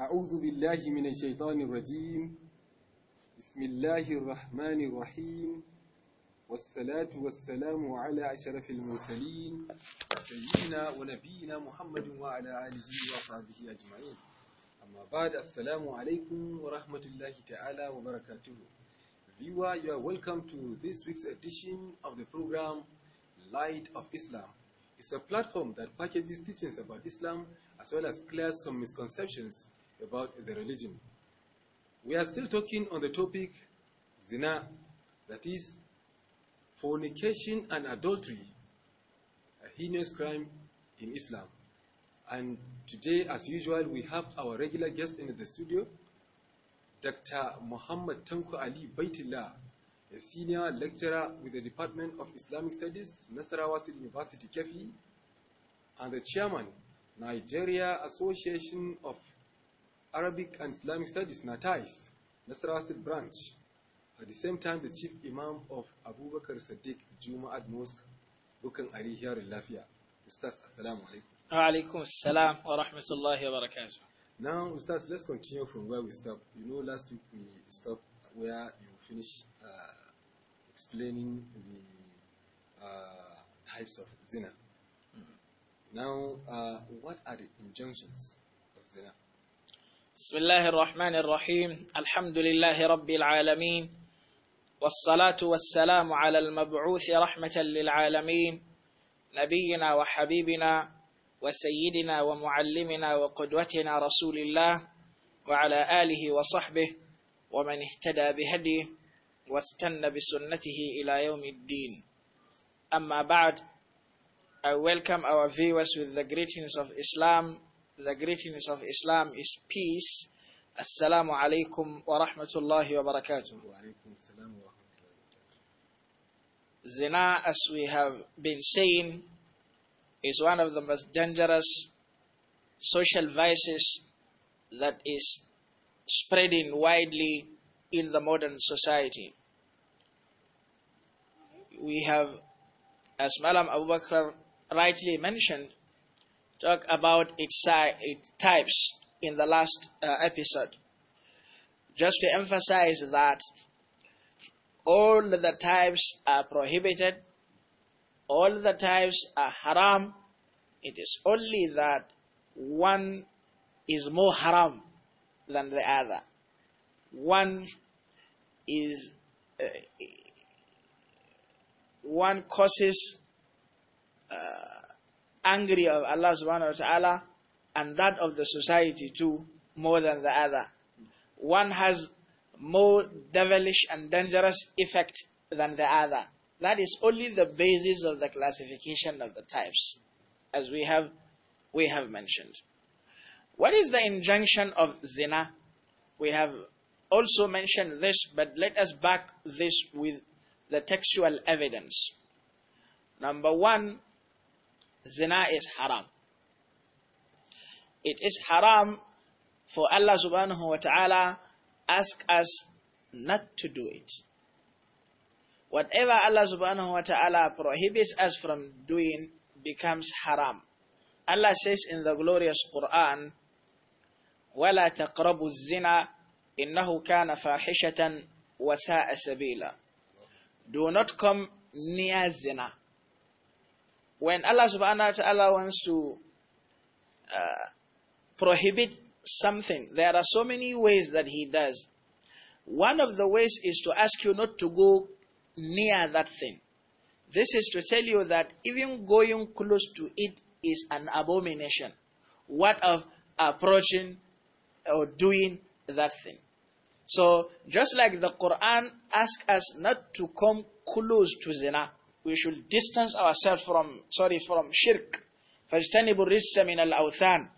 أعوذ بالله من الشيطان الرجيم بسم الله الرحمن الرحيم والصلاة والسلام على أشرف المرسلين سيدنا ونبينا محمد وعلى آله وصحبه أجمعين أما بعد السلام عليكم ورحمة الله تعالى وبركاته Viewer, you are welcome to this week's edition of the program Light of Islam. It's a platform that packages teachings about Islam as well as clears some misconceptions about the religion. We are still talking on the topic zina, that is fornication and adultery, a heinous crime in Islam. And today, as usual, we have our regular guest in the studio, Dr. Muhammad Tanko Ali Baitillah, a senior lecturer with the Department of Islamic Studies, Nasarawa State University, Kefi, and the chairman, Nigeria Association of Arabic and Islamic studies, NATAIS, Nasarawa Branch. At the same time, the chief imam of Abu Bakr Sadiq Juma'at Mosque, Bukan Ali here in Lafia. Ustaz, assalamu alaikum. Wa alaikum assalam wa rahmatullahi wa barakatuh. Now, Ustaz, let's continue from where we stopped. You know, last week we stopped where you finished uh, explaining the uh, types of zina. Mm -hmm. Now, uh, what are the injunctions of zina? بسم الله الرحمن الرحيم الحمد لله رب العالمين والصلاة والسلام على المبعوث رحمة للعالمين نبينا وحبيبنا وسيدنا ومعلمنا وقدوتنا رسول الله وعلى آله وصحبه ومن اهتدى بهديه واستنى بسنته إلى يوم الدين أما بعد I welcome our viewers with the greetings of Islam the greetings of Islam is peace. Assalamu alaikum wa rahmatullahi wa barakatuh. Zina, as we have been saying, is one of the most dangerous social vices that is spreading widely in the modern society. We have, as Malam Abu Bakr rightly mentioned, talk about its, types in the last uh, episode. Just to emphasize that all the types are prohibited, all the types are haram. It is only that one is more haram than the other. One is uh, one causes uh, angry of Allah subhanahu wa ta'ala and that of the society too more than the other. One has more devilish and dangerous effect than the other. That is only the basis of the classification of the types, as we have, we have mentioned. What is the injunction of zina? We have also mentioned this, but let us back this with the textual evidence. Number one, zina is haram. It is haram for Allah subhanahu wa ta'ala ask us not to do it. Whatever Allah subhanahu wa ta'ala prohibits us from doing becomes haram. Allah says in the glorious Quran, وَلَا تَقْرَبُوا الزِّنَا إِنَّهُ كَانَ فَاحِشَةً وَسَاءَ سَبِيلًا Do not come near zina when Allah subhanahu wa ta'ala wants to uh, prohibit something, there are so many ways that He does. One of the ways is to ask you not to go near that thing. This is to tell you that even going close to it is an abomination. What of approaching or doing that thing? So, just like the Quran asks us not to come close to zina, we should distance ourselves from, sorry, from shirk. فَاجْتَنِبُوا الرِّجْسَ مِنَ الْأَوْثَانِ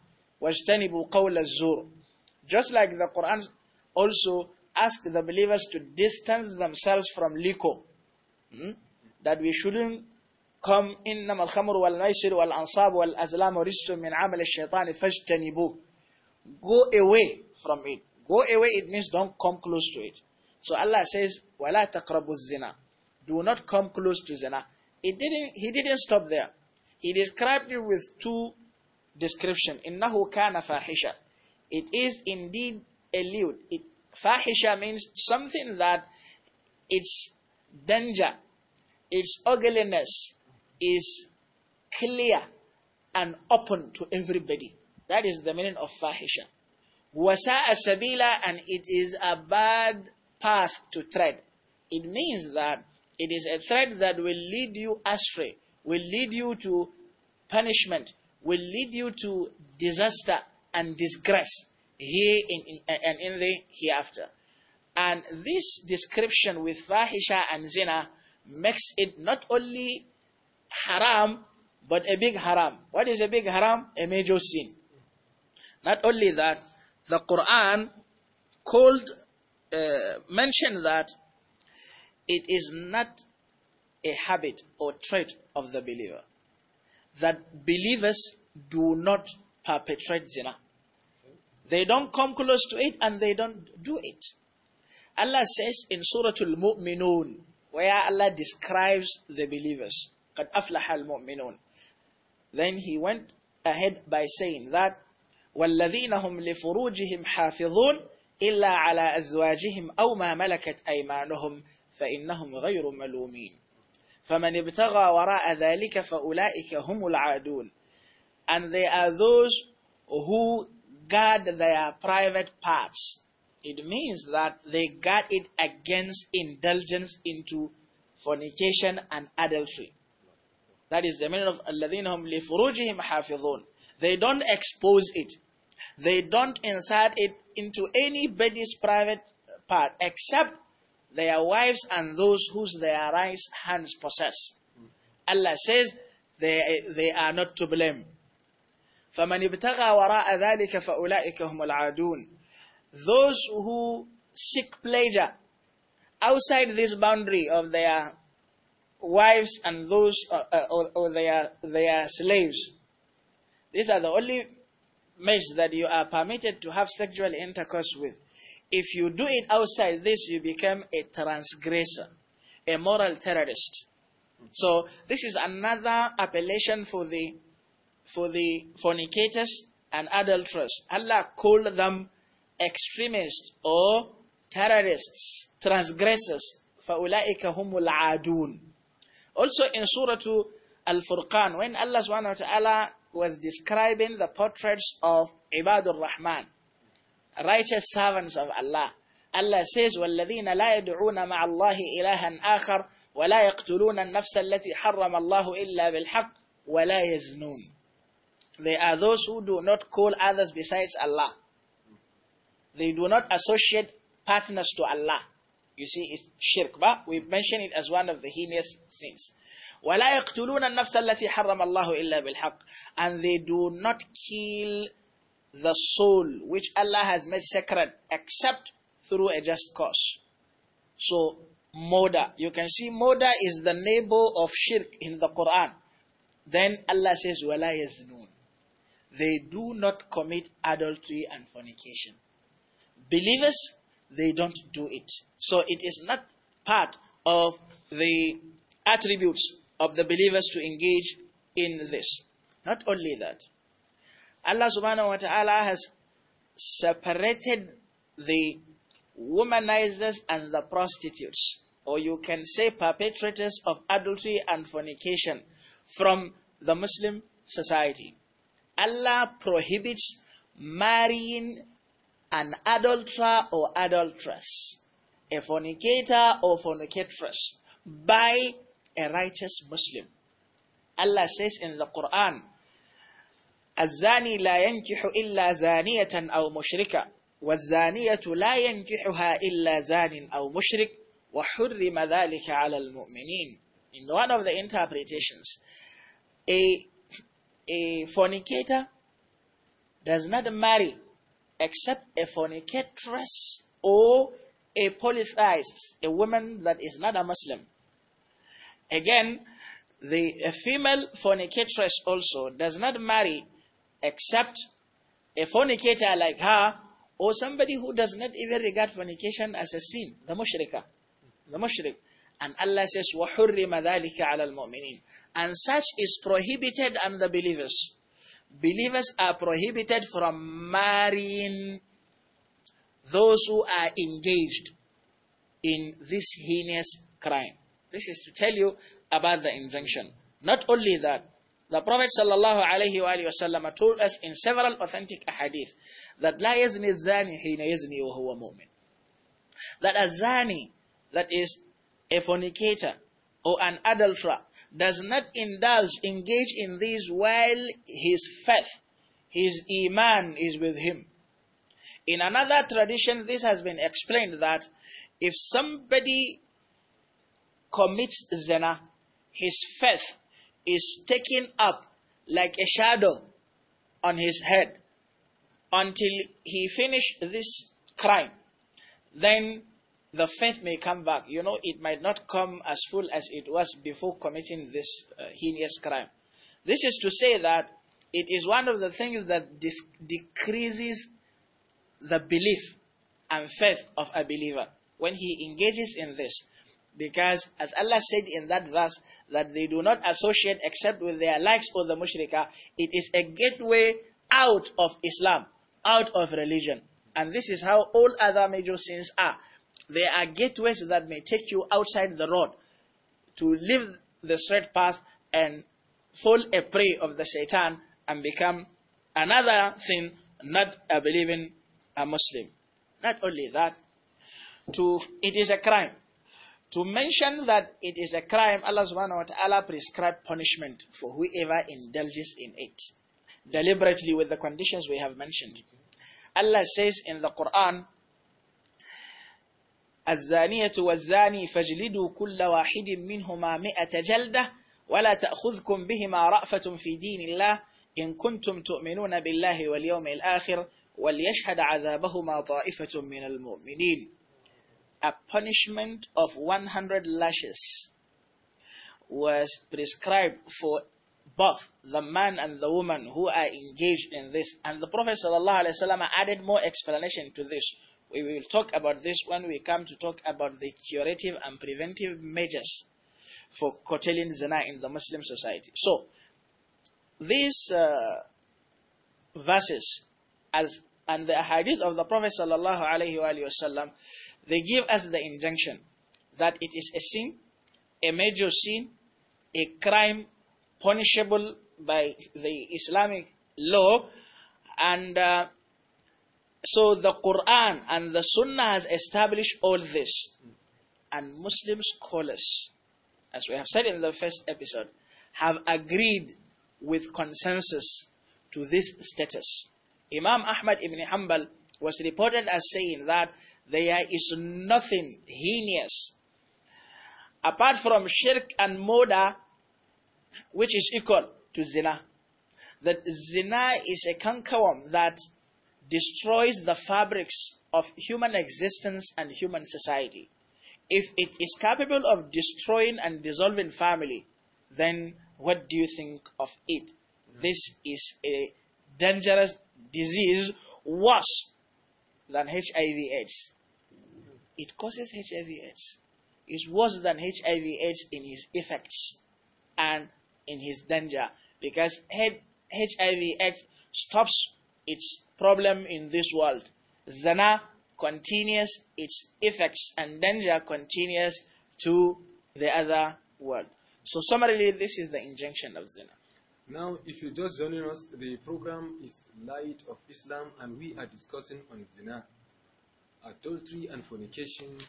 وَاجْتَنِبُوا قَوْلَ الزُّورِ Just like the Quran also asked the believers to distance themselves from liquor. Hmm? That we shouldn't come, إِنَّمَا الْخَمْرُ وَالْمَيْسِرُ وَالْأَنْصَابُ وَالْأَزْلَامُ رِجْسٌ مِنْ عَمَلِ الشَّيْطَانِ فَاجْتَنِبُوا Go away from it. Go away, it means don't come close to it. So Allah says, وَلَا تَقْرَبُوا الزِّنَا do not come close to zina. He didn't, he didn't stop there. He described it with two description. Innahu kana fahisha. It is indeed a lewd. It, fahisha means something that its danger, its ugliness is clear and open to everybody. That is the meaning of fahisha. Wasa'a sabila and it is a bad path to tread. It means that it is a thread that will lead you astray, will lead you to punishment, will lead you to disaster and disgrace here in, in, and in the hereafter. And this description with fahisha and zina makes it not only haram, but a big haram. What is a big haram? A major sin. Not only that, the Quran called, uh, mentioned that it is not a habit or trait of the believer that believers do not perpetrate zina. They don't come close to it and they don't do it. Allah says in Surah Al-Mu'minun, where Allah describes the believers, قَدْ أَفْلَحَ الْمُؤْمِنُونَ Then He went ahead by saying that, وَالَّذِينَ هُمْ لِفُرُوجِهِمْ حَافِظُونَ إِلَّا عَلَىٰ أَزْوَاجِهِمْ أَوْ مَا مَلَكَتْ أَيْمَانُهُمْ فإنهم غير ملومين فمن ابتغى وراء ذلك فأولئك هم العادون and they are those who guard their private parts it means that they guard it against indulgence into fornication and adultery that is the meaning of الذين هم لفروجهم حافظون they don't expose it they don't insert it into anybody's private part except their wives and those whose their right hands possess. Allah says they, they are not to blame. فَمَنِ ابْتَغَى وَرَاءَ ذَلِكَ فَأُولَٰئِكَ هُمُ الْعَادُونَ Those who seek pleasure outside this boundary of their wives and those uh, uh or, or their, their slaves. These are the only mates that you are permitted to have sexual intercourse with. If you do it outside this, you become a transgressor, a moral terrorist. So this is another appellation for the for the fornicators and adulterers. Allah called them extremists or terrorists, transgressors. فَأُولَٰئِكَ هُمُ الْعَادُونَ Also in Surah Al-Furqan, when Allah subhanahu wa ta'ala was describing the portraits of Ibadur Rahman, righteous servants of Allah. Allah says, وَالَّذِينَ لَا يَدْعُونَ مَعَ اللَّهِ إِلَهًا آخَرَ وَلَا يَقْتُلُونَ النَّفْسَ الَّتِي حَرَّمَ اللَّهُ إِلَّا بِالْحَقِّ وَلَا يَزْنُونَ They are those who do not call others besides Allah. They do not associate partners to Allah. You see, it's shirk, but we mention it as one of the heinous sins. وَلَا يَقْتُلُونَ النَّفْسَ الَّتِي حَرَّمَ اللَّهُ إِلَّا بِالْحَقِّ And they do not kill the soul which Allah has made sacred except through a just cause. So, murder. You can see murder is the neighbor of shirk in the Quran. Then Allah says, وَلَا known. They do not commit adultery and fornication. Believers, they don't do it. So it is not part of the attributes of the believers to engage in this. Not only that, Allah subhanahu wa ta'ala has separated the womanizers and the prostitutes, or you can say perpetrators of adultery and fornication, from the Muslim society. Allah prohibits marrying an adulterer or adulteress, a fornicator or fornicatress, by a righteous Muslim. Allah says in the Quran, الزاني لا ينكح إلا زانية أو مشركة والزانية لا ينكحها إلا زان أو مشرك وحرم ذلك على المؤمنين In one of the interpretations, a, a fornicator does not marry except a fornicatress or a polytheist, a woman that is not a Muslim. Again, the a female fornicatress also does not marry except a fornicator like her or somebody who does not even regard fornication as a sin, the mushrika, the mushrik. And Allah says, وَحُرِّمَ ذَلِكَ عَلَى الْمُؤْمِنِينَ And such is prohibited on the believers. Believers are prohibited from marrying those who are engaged in this heinous crime. This is to tell you about the injunction. Not only that, the Prophet sallallahu alayhi wasallam told us in several authentic ahadith that لا يزني الزاني حين يزني وهو مؤمن. That a zani, that is a fornicator or an adulterer, does not indulge, engage in this while his faith, his iman is with him. In another tradition, this has been explained that if somebody commits zina, his faith is taken up like a shadow on his head until he finish this crime. Then the faith may come back. You know, it might not come as full as it was before committing this uh, heinous crime. This is to say that it is one of the things that decreases the belief and faith of a believer when he engages in this. Because as Allah said in that verse, that they do not associate except with their likes or the mushrikah, it is a gateway out of Islam, out of religion. And this is how all other major sins are. They are gateways that may take you outside the road to leave the straight path and fall a prey of the shaitan and become another sin, not a believing a Muslim. Not only that, to, it is a crime to mention that it is a crime, Allah subhanahu wa ta'ala prescribed punishment for whoever indulges in it, deliberately with the conditions we have mentioned. Allah says in the Quran, الزانية والزاني فاجلدوا كل واحد منهما مئة جلدة ولا تأخذكم بهما رأفة في دين الله إن كنتم تؤمنون بالله واليوم الآخر وليشهد عذابهما طائفة من المؤمنين a punishment of 100 lashes was prescribed for both the man and the woman who are engaged in this. And the Prophet ﷺ added more explanation to this. We will talk about this when we come to talk about the curative and preventive measures for curtailing zina in the Muslim society. So, these uh, verses as, and the hadith of the Prophet sallallahu alaihi wasallam they give us the injunction that it is a sin, a major sin, a crime punishable by the Islamic law, and uh, so the Quran and the Sunnah has established all this. And Muslim scholars, as we have said in the first episode, have agreed with consensus to this status. Imam Ahmad ibn Hanbal was reported as saying that there is nothing heinous apart from shirk and murder, which is equal to zina. That zina is a cankerworm that destroys the fabrics of human existence and human society. If it is capable of destroying and dissolving family, then what do you think of it? This is a dangerous disease, worse than HIV AIDS. It causes HIV AIDS. It's worse than HIV AIDS in its effects and in its danger because HIV AIDS stops its problem in this world. Zana continues its effects and danger continues to the other world. So summarily, this is the injunction of zina. Now, if you are just joining us, the program is Light of Islam, and we are discussing on zina, adultery, and fornication,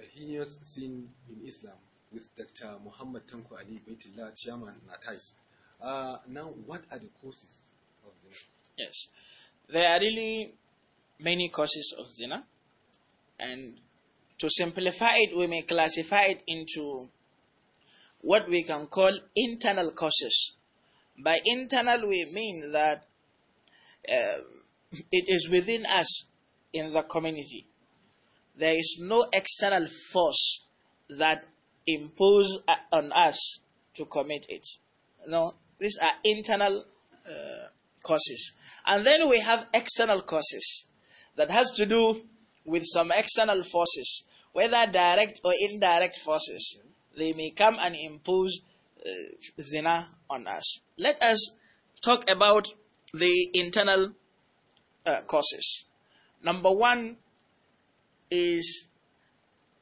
a heinous sin in Islam, with Dr. Muhammad Tanko Ali Baitillah, Chairman Natais. Uh, now, what are the causes of zina? Yes, there are really many causes of zina, and to simplify it, we may classify it into what we can call internal causes by internal, we mean that uh, it is within us in the community. There is no external force that impose uh, on us to commit it. No, these are internal uh, causes. And then we have external causes that has to do with some external forces, whether direct or indirect forces. They may come and impose uh, zina on us. Let us talk about the internal uh, causes. Number one is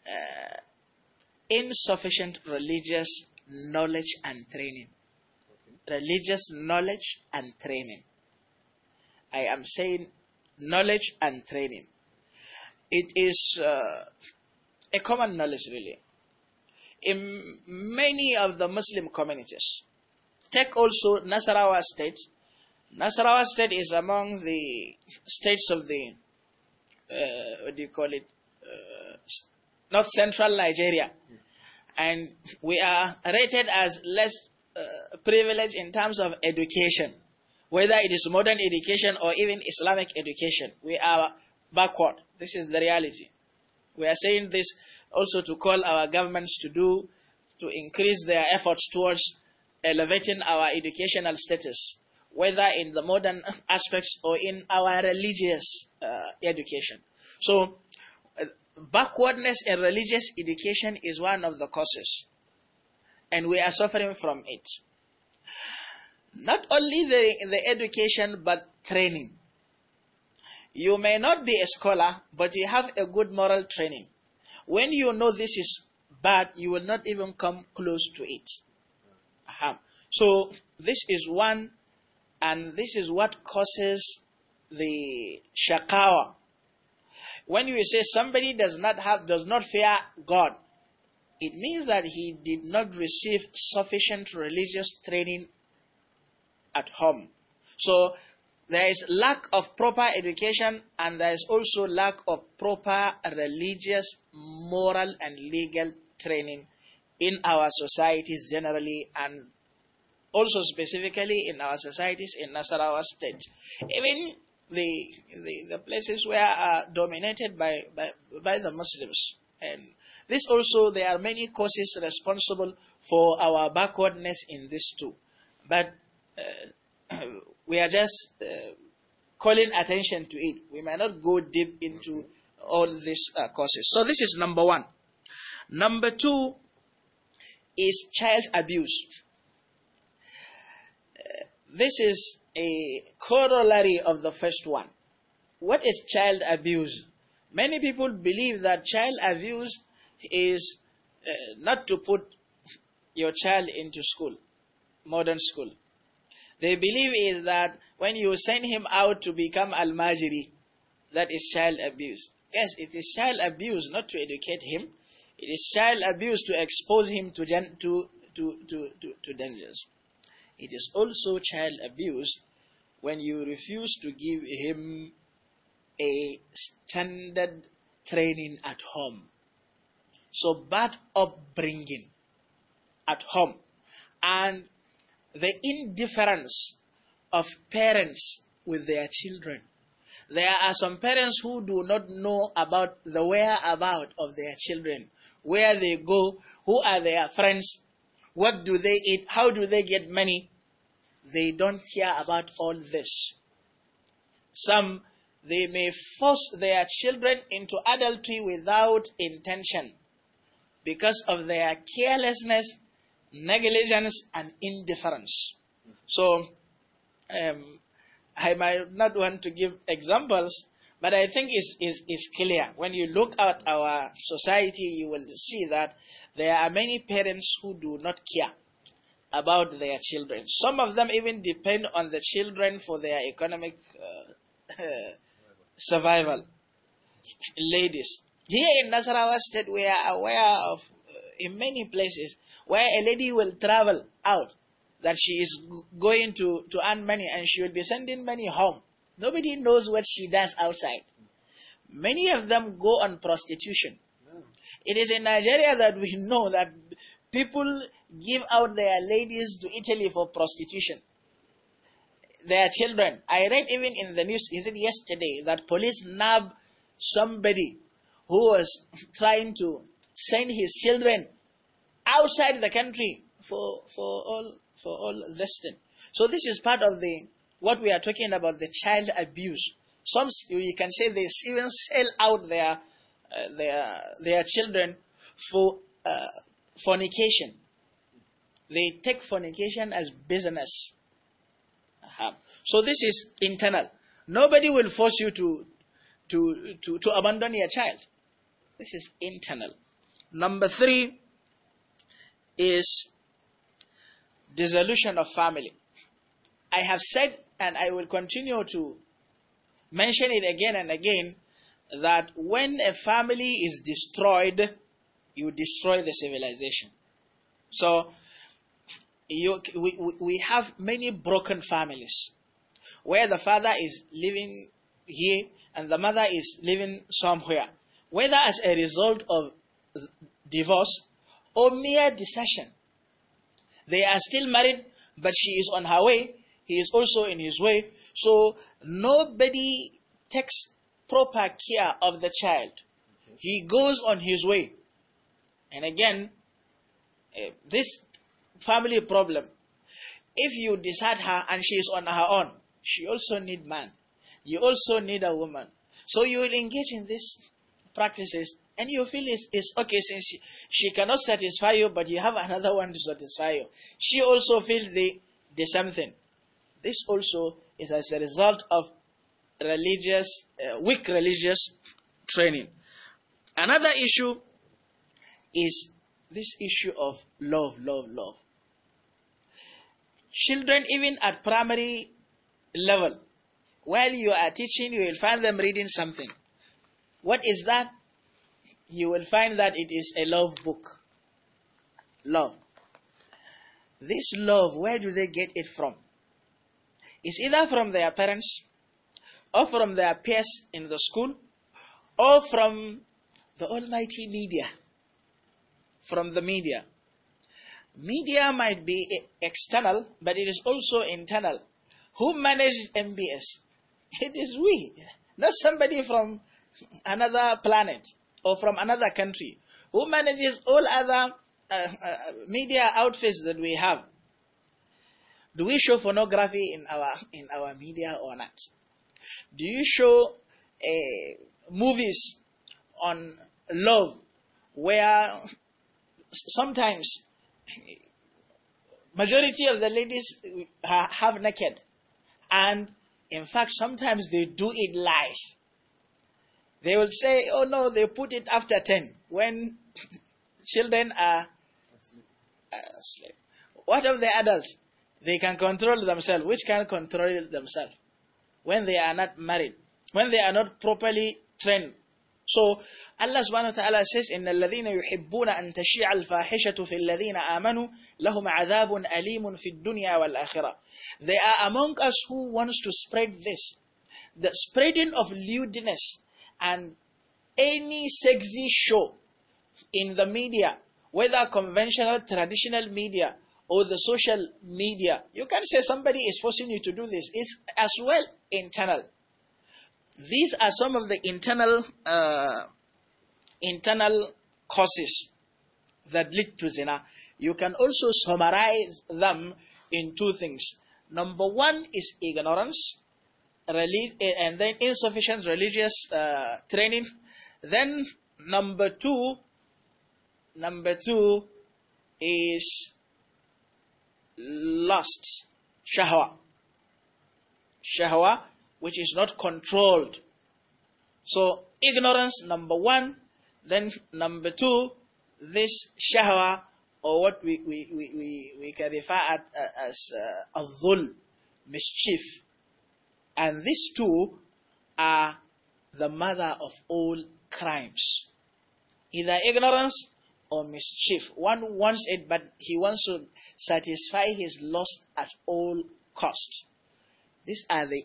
uh, insufficient religious knowledge and training. Okay. Religious knowledge and training. I am saying knowledge and training. It is uh, a common knowledge, really, in many of the Muslim communities. Take also Nasarawa state. Nasarawa state is among the states of the, uh, what do you call it, uh, north central Nigeria. And we are rated as less uh, privileged in terms of education, whether it is modern education or even Islamic education. We are backward. This is the reality. We are saying this also to call our governments to do, to increase their efforts towards elevating our educational status, whether in the modern aspects or in our religious uh, education. So, uh, backwardness in religious education is one of the causes, and we are suffering from it. Not only the, the education, but training. You may not be a scholar, but you have a good moral training. When you know this is bad, you will not even come close to it. So this is one, and this is what causes the shakawa. When you say somebody does not have, does not fear God, it means that he did not receive sufficient religious training at home. So there is lack of proper education and there is also lack of proper religious, moral and legal training in our societies generally and also specifically in our societies in Nasarawa state. Even the, the, the places where are dominated by, by, by the Muslims. And this also, there are many causes responsible for our backwardness in this too. But uh, we are just uh, calling attention to it. We might not go deep into all these uh, causes. So this is number one. Number two is child abuse. Uh, this is a corollary of the first one. What is child abuse? Many people believe that child abuse is uh, not to put your child into school, modern school. They believe is that when you send him out to become al-majiri, that is child abuse. Yes, it is child abuse not to educate him. It is child abuse to expose him to, to, to, to, to, to dangers. It is also child abuse when you refuse to give him a standard training at home. So bad upbringing at home and the indifference of parents with their children. There are some parents who do not know about the whereabouts of their children, where they go, who are their friends, what do they eat, how do they get money. They don't care about all this. Some, they may force their children into adultery without intention because of their carelessness negligence and indifference. So, um, I might not want to give examples, but I think it's, it's, it's clear. When you look at our society, you will see that there are many parents who do not care about their children. Some of them even depend on the children for their economic uh, survival. Ladies, here in Nasarawa State, we are aware of, uh, in many places, where a lady will travel out, that she is going to, to earn money and she will be sending money home. Nobody knows what she does outside. Many of them go on prostitution. It is in Nigeria that we know that people give out their ladies to Italy for prostitution. Their children. I read even in the news, is it yesterday, that police nab somebody who was trying to send his children outside the country for, for all, for all this thing. So this is part of the, what we are talking about, the child abuse. Some, you can say they even sell out their, uh, their, their children for uh, fornication. They take fornication as business. Uh-huh. So this is internal. Nobody will force you to, to, to, to abandon your child. This is internal. Number three, is dissolution of family. I have said, and I will continue to mention it again and again, that when a family is destroyed, you destroy the civilization. So, you, we, we have many broken families where the father is living here and the mother is living somewhere, whether as a result of divorce or mere deception. They are still married, but she is on her way, he is also in his way. So nobody takes proper care of the child. He goes on his way. And again, eh, this family problem, if you decide her and she is on her own, she also need man. You also need a woman. So you will engage in these practices and you feel it's, it's okay since she, she cannot satisfy you, but you have another one to satisfy you. She also feels the, the something. This also is as a result of religious, uh, weak religious training. Another issue is this issue of love, love, love. Children, even at primary level, while you are teaching, you will find them reading something. What is that? you will find that it is a love book. Love. This love, where do they get it from? It's either from their parents, or from their peers in the school, or from the almighty media. From the media. Media might be external, but it is also internal. Who managed MBS? It is we, not somebody from another planet or from another country, who manages all other uh, uh, media outfits that we have. Do we show pornography in our in our media or not? Do you show uh, movies on love where sometimes majority of the ladies have naked and in fact sometimes they do it live they will say, oh no, they put it after 10 when children are asleep. What of the adults? They can control themselves. Which can control themselves? When they are not married, when they are not properly trained. So Allah subhanahu wa ta'ala says, إِنَّ الَّذِينَ يُحِبُّونَ أَن تَشِيعَ الْفَاحِشَةُ فِي الَّذِينَ Amanu, لَهُمْ Adabun Alimun فِي الدُّنْيَا وَالْآخِرَةِ They are among us who wants to spread this. The spreading of lewdness and any sexy show in the media, whether conventional, traditional media, or the social media, you can say somebody is forcing you to do this. It's as well internal. These are some of the internal uh, internal causes that lead to zina. You can also summarize them in two things. Number one is ignorance, relig- eh, and then insufficient religious uh, training. Then number two, number two is lust, shahwa, shahwa, which is not controlled. So ignorance number one, then number two, this shahwa or what we, we, we, we, we can refer at, as uh, a dhul, mischief, and these two are the mother of all crimes. Either ignorance or mischief. One wants it, but he wants to satisfy his lust at all cost. These are the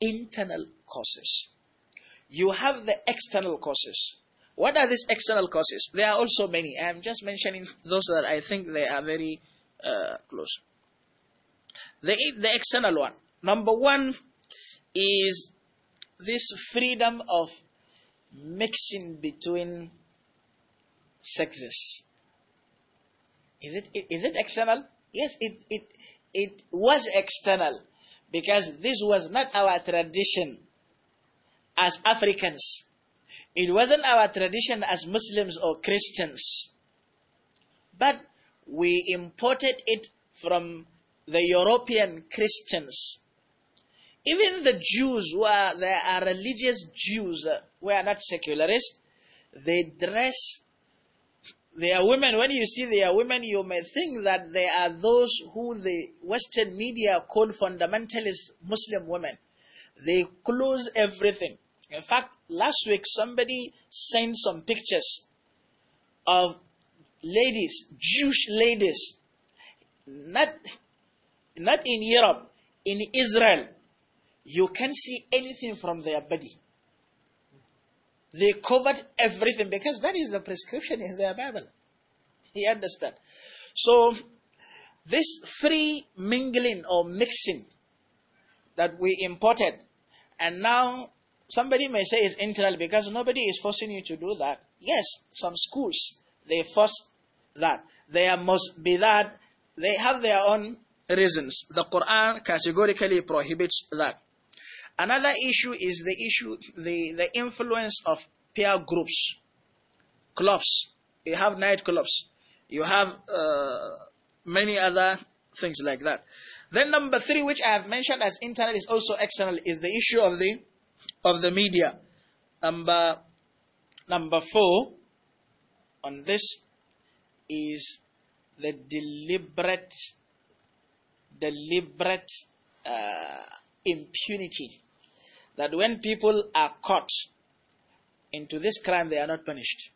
internal causes. You have the external causes. What are these external causes? There are also many. I am just mentioning those that I think they are very uh, close. The, the external one. Number one is this freedom of mixing between sexes. Is it, is it external? Yes, it, it, it was external because this was not our tradition as Africans. It wasn't our tradition as Muslims or Christians. But we imported it from the European Christians even the Jews who are, they are religious Jews, uh, who are not secularists, they dress are women. When you see are women, you may think that they are those who the Western media call fundamentalist Muslim women. They close everything. In fact, last week somebody sent some pictures of ladies, Jewish ladies, not, not in Europe, in Israel you can't see anything from their body. They covered everything because that is the prescription in their Bible. You understand? So, this free mingling or mixing that we imported, and now somebody may say it's internal because nobody is forcing you to do that. Yes, some schools, they force that. There must be that. They have their own reasons. The Quran categorically prohibits that. Another issue is the issue, the, the influence of peer groups, clubs. You have night clubs. You have uh, many other things like that. Then number three, which I have mentioned as internal, is also external, is the issue of the of the media. Number number four on this is the deliberate deliberate uh, impunity that when people are caught into this crime, they are not punished.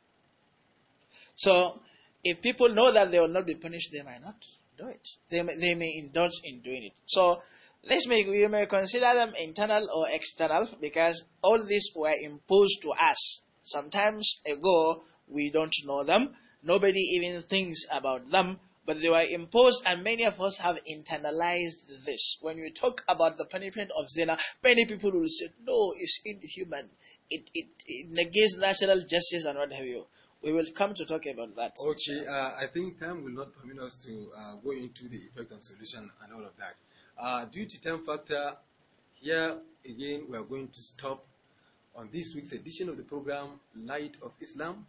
So, if people know that they will not be punished, they might not do it. They may, they may indulge in doing it. So, let's make, we may consider them internal or external because all these were imposed to us. Sometimes ago, we don't know them. Nobody even thinks about them. But they were imposed, and many of us have internalized this. When we talk about the punishment of zina, many people will say, no, it's inhuman. It, it, it negates national justice and what have you. We will come to talk about that. Okay, uh, I think time will not permit us to uh, go into the effect and solution and all of that. Uh, due to time factor, here again we are going to stop on this week's edition of the program Light of Islam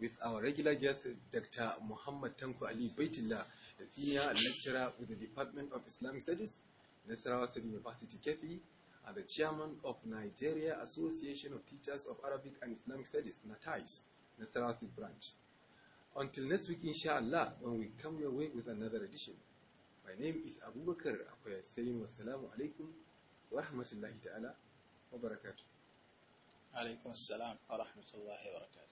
with our regular guest, Dr. Muhammad Tanku Ali Baitillah, a senior lecturer with the Department of Islamic Studies, Nasarawa State University, Kefi, and the chairman of Nigeria Association of Teachers of Arabic and Islamic Studies, NATAIS, Nasarawa State Branch. Until next week, inshallah, when we come your way with another edition. My name is Abu Bakr Akwai Salim. Wassalamu alaikum wa rahmatullahi ta'ala wa barakatuh. Alaikum assalam wa rahmatullahi wa barakatuh.